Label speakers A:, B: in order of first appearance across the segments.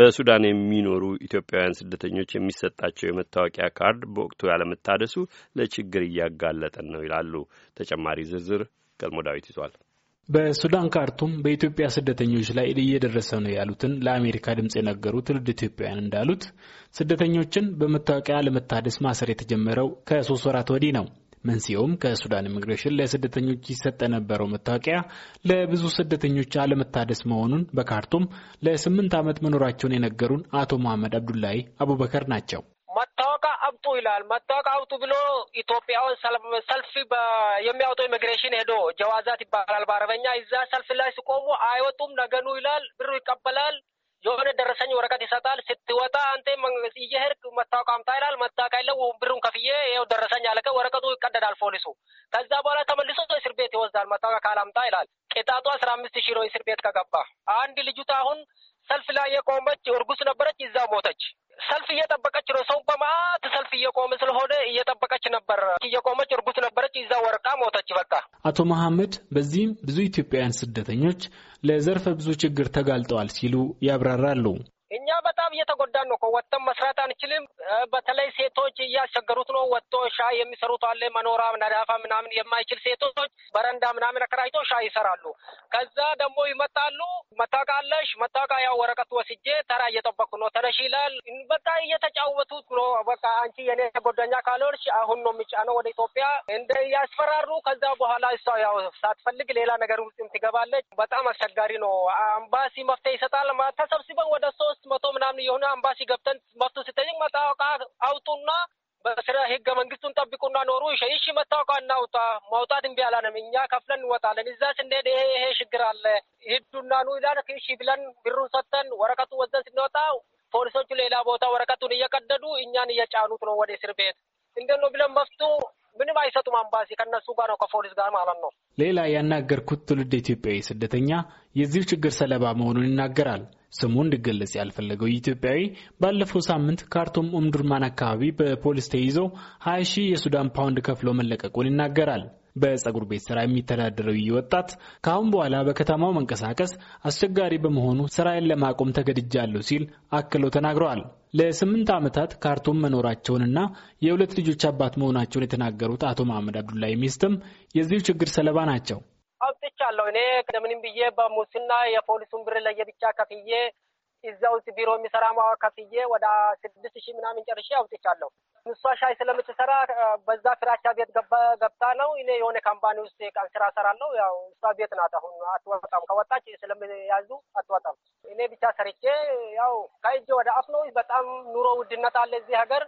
A: በሱዳን የሚኖሩ ኢትዮጵያውያን ስደተኞች የሚሰጣቸው የመታወቂያ ካርድ በወቅቱ ያለመታደሱ ለችግር እያጋለጠን ነው ይላሉ። ተጨማሪ ዝርዝር ገልሞ ዳዊት ይዟል። በሱዳን ካርቱም በኢትዮጵያ ስደተኞች ላይ እየደረሰ ነው ያሉትን ለአሜሪካ ድምፅ የነገሩ ትውልድ ኢትዮጵያውያን እንዳሉት ስደተኞችን በመታወቂያ ለመታደስ ማሰር የተጀመረው ከሶስት ወራት ወዲህ ነው። መንስኤውም ከሱዳን ኢሚግሬሽን ለስደተኞች ይሰጥ የነበረው መታወቂያ ለብዙ ስደተኞች አለመታደስ መሆኑን በካርቱም ለስምንት ዓመት መኖራቸውን የነገሩን አቶ መሐመድ አብዱላይ አቡበከር ናቸው። መታወቂያ አውጡ ይላል። መታወቂያ አውጡ ብሎ ኢትዮጵያውን
B: ሰልፍ የሚያወጡ ኢሚግሬሽን ሄዶ ጀዋዛት ይባላል በአረበኛ። እዛ ሰልፍ ላይ ሲቆሙ አይወጡም ነገኑ ይላል። ብሩ ይቀበላል። የሆነ ደረሰኝ ወረቀት ይሰጣል። ስትወጣ አንተ እየሄድክ መታወቅ አምጣ ይላል። መታወቂያ የለው። ብሩን ከፍዬ ይኸው ደረሰኝ አለቀ። ወረቀቱ ይቀደዳል ፖሊሱ። ከዛ በኋላ ተመልሶ እስር ቤት ይወስዳል። መታወቂያ ካላምጣ ይላል። ቅጣቱ አስራ አምስት ሺህ ነው እስር ቤት ከገባ። አንድ ልጅቷ አሁን ሰልፍ ላይ የቆመች እርጉስ ነበረች፣ ይዛ ሞተች። ሰልፍ እየጠበቀች ነው። ሰው በማት ሰልፍ እየቆመ
A: ስለሆነ እየጠበቀች ነበር። እየቆመች እርጉስ ነበረች፣ እዛ ወርቃ ሞተች። በቃ አቶ መሐመድ በዚህም ብዙ ኢትዮጵያውያን ስደተኞች ለዘርፈ ብዙ ችግር ተጋልጠዋል ሲሉ ያብራራሉ።
B: እኛ እየተጎዳን ነው። ከወጥተን መስራት አንችልም። በተለይ ሴቶች እያስቸገሩት ነው። ወጥቶ ሻይ የሚሰሩት አለ መኖራ ነዳፋ ምናምን የማይችል ሴቶች በረንዳ ምናምን አከራይቶ ሻይ ይሰራሉ። ከዛ ደግሞ ይመጣሉ። መታቃለሽ መታቃ ያው ወረቀት ወስጄ ተራ እየጠበቅኩ ነው ተነሽ ይላል። በቃ እየተጫወቱት ነው። በቃ አንቺ የኔ ጓደኛ ካልሆንሽ አሁን ነው የሚጫነው ወደ ኢትዮጵያ እንደ ያስፈራሩ። ከዛ በኋላ እሷ ያው ሳትፈልግ ሌላ ነገር ውስጥም ትገባለች። በጣም አስቸጋሪ ነው። አምባሲ መፍትሄ ይሰጣል። ተሰብስበን ወደ ሶስት መቶ ምናምን የሆነ አምባሲ ገብተን መፍቱ ስጠይቅ መታወቃ አውጡና በስራ ህገ መንግስቱን ጠብቁና ኖሩ። እሺ መታወቃ እናውጣ። ማውጣት እምቢ አላንም። እኛ ከፍለን እንወጣለን። እዛ ስንሄድ ይሄ ይሄ ችግር አለ ሂዱና ኑ ይላል። እሺ ብለን ብሩን ሰጥተን ወረቀቱ ወዘን ስንወጣ ፖሊሶቹ ሌላ ቦታ ወረቀቱን እየቀደዱ እኛን እየጫኑት ነው ወደ እስር ቤት። እንደ ነው ብለን መፍቱ ምንም አይሰጡም። አምባሲ ከእነሱ ጋር ነው ከፖሊስ ጋር ማለት ነው።
A: ሌላ ያናገርኩት ትውልድ ኢትዮጵያዊ ስደተኛ የዚሁ ችግር ሰለባ መሆኑን ይናገራል። ስሙ እንዲገለጽ ያልፈለገው ኢትዮጵያዊ ባለፈው ሳምንት ካርቱም ኡምዱርማን አካባቢ በፖሊስ ተይዞ 20 ሺህ የሱዳን ፓውንድ ከፍሎ መለቀቁን ይናገራል። በጸጉር ቤት ስራ የሚተዳደረው ይህ ወጣት ከአሁን በኋላ በከተማው መንቀሳቀስ አስቸጋሪ በመሆኑ ስራዬን ለማቆም ተገድጃለሁ ሲል አክሎ ተናግረዋል። ለስምንት ዓመታት ካርቱም መኖራቸውንና የሁለት ልጆች አባት መሆናቸውን የተናገሩት አቶ መሐመድ አብዱላይ ሚስትም የዚሁ ችግር ሰለባ ናቸው።
B: አውቃለሁ። እኔ እንደምንም ብዬ በሙስና የፖሊሱን ብር ለየብቻ ከፍዬ እዛ ውስጥ ቢሮ የሚሰራ ማዋ ከፍዬ ወደ ስድስት ሺህ ምናምን ጨርሼ አውጥቻለሁ። እሷ ሻይ ስለምትሰራ በዛ ፍራቻ ቤት ገብታ ነው። እኔ የሆነ ካምፓኒ ውስጥ ቀን ስራ ሰራለሁ። ያው እሷ ቤት ናት። አሁን አትወጣም፣ ከወጣች ስለሚያዙ አትወጣም። እኔ ብቻ ሰርቼ ያው ከእጅ ወደ አፍ ነው። በጣም ኑሮ ውድነት አለ እዚህ ሀገር።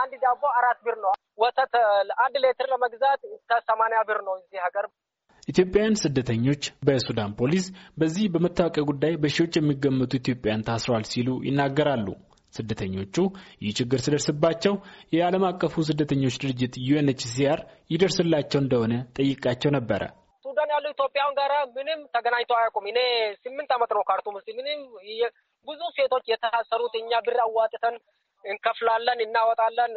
B: አንድ ዳቦ አራት ብር ነው። ወተት አንድ ሌትር ለመግዛት እስከ ሰማንያ ብር ነው እዚህ ሀገር።
A: ኢትዮጵያውያን ስደተኞች በሱዳን ፖሊስ በዚህ በመታወቂያ ጉዳይ በሺዎች የሚገመቱ ኢትዮጵያውያን ታስረዋል ሲሉ ይናገራሉ። ስደተኞቹ ይህ ችግር ስደርስባቸው የዓለም አቀፉ ስደተኞች ድርጅት ዩኤንኤችሲአር ይደርስላቸው እንደሆነ ጠይቃቸው ነበረ።
B: ሱዳን ያሉ ኢትዮጵያውያን ጋራ ምንም ተገናኝቶ አያውቁም። እኔ ስምንት ዓመት ነው ካርቱም ውስጥ ምንም ብዙ ሴቶች የታሰሩት እኛ ብር አዋጥተን እንከፍላለን እናወጣለን።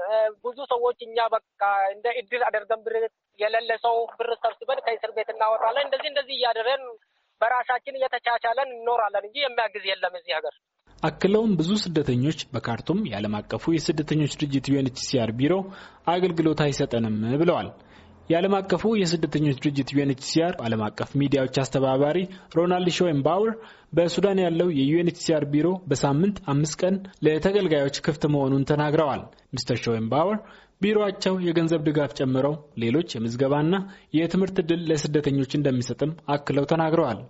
B: ብዙ ሰዎች እኛ በቃ እንደ እድር አደርገን ብር የሌለ ሰው ብር ሰብስበን ከእስር ቤት እናወጣለን። እንደዚህ እንደዚህ እያደረን በራሳችን እየተቻቻለን እንኖራለን እንጂ የሚያግዝ የለም እዚህ ሀገር።
A: አክለውም ብዙ ስደተኞች በካርቱም የዓለም አቀፉ የስደተኞች ድርጅት ዩኤንኤችሲአር ቢሮ አገልግሎት አይሰጠንም ብለዋል። የዓለም አቀፉ የስደተኞች ድርጅት ዩኤንኤችሲአር ዓለም አቀፍ ሚዲያዎች አስተባባሪ ሮናልድ ሾዌንባውር በሱዳን ያለው የዩኤንኤችሲአር ቢሮ በሳምንት አምስት ቀን ለተገልጋዮች ክፍት መሆኑን ተናግረዋል። ሚስተር ሾዌንባውር ቢሮአቸው የገንዘብ ድጋፍ ጨምረው ሌሎች የምዝገባና የትምህርት ዕድል ለስደተኞች እንደሚሰጥም አክለው ተናግረዋል።